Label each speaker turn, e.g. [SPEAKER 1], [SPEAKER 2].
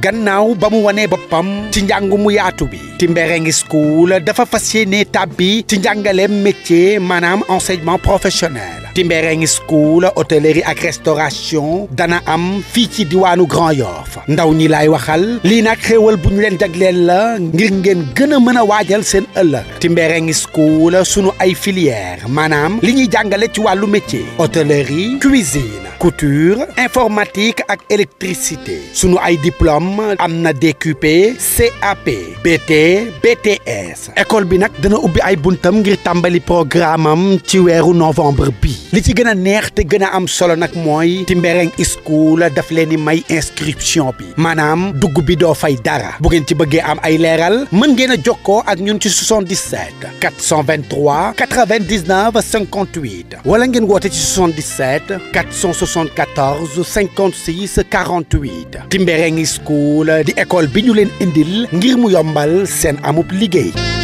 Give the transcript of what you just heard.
[SPEAKER 1] gannaaw ba mu wanee boppam ci njàng mu yaatu bi Timbereng School dafa fas yéene tàbbi ci njàngaleem métier maanaam enseignement professionnel Timbereng School hôtellerie ak restauration dana am fii ci diwaanu Grand Yoff ndaw ñi laay waxal lii nag xéewal bu ñu leen jagleel la ngir ngeen gën a mën a waajal seen ëllëg Timbereng School sunu ay filière maanaam li ñuy jàngale ci wàllu métier hôtellerie cuisine couture informatique ak su sunu ay diplôme am na DQP CAP BT BTS école bi nag dana ubbi ay buntam ngir tàmbali programme am ci weeru novembre bi li ci gën a neex te gën a am solo nag mooy Timbereng School daf leen di may inscription bi maanaam dugg bi doo fay dara bu ngeen ci bëggee am ay leeral mën ngeen a jokkoo ak ñun ci 77 423 99 58 wala ngeen woote ci 77 4 74 56 48 Timbereng School di école bi ñu leen indil ngir mu yombal seen amub liggéey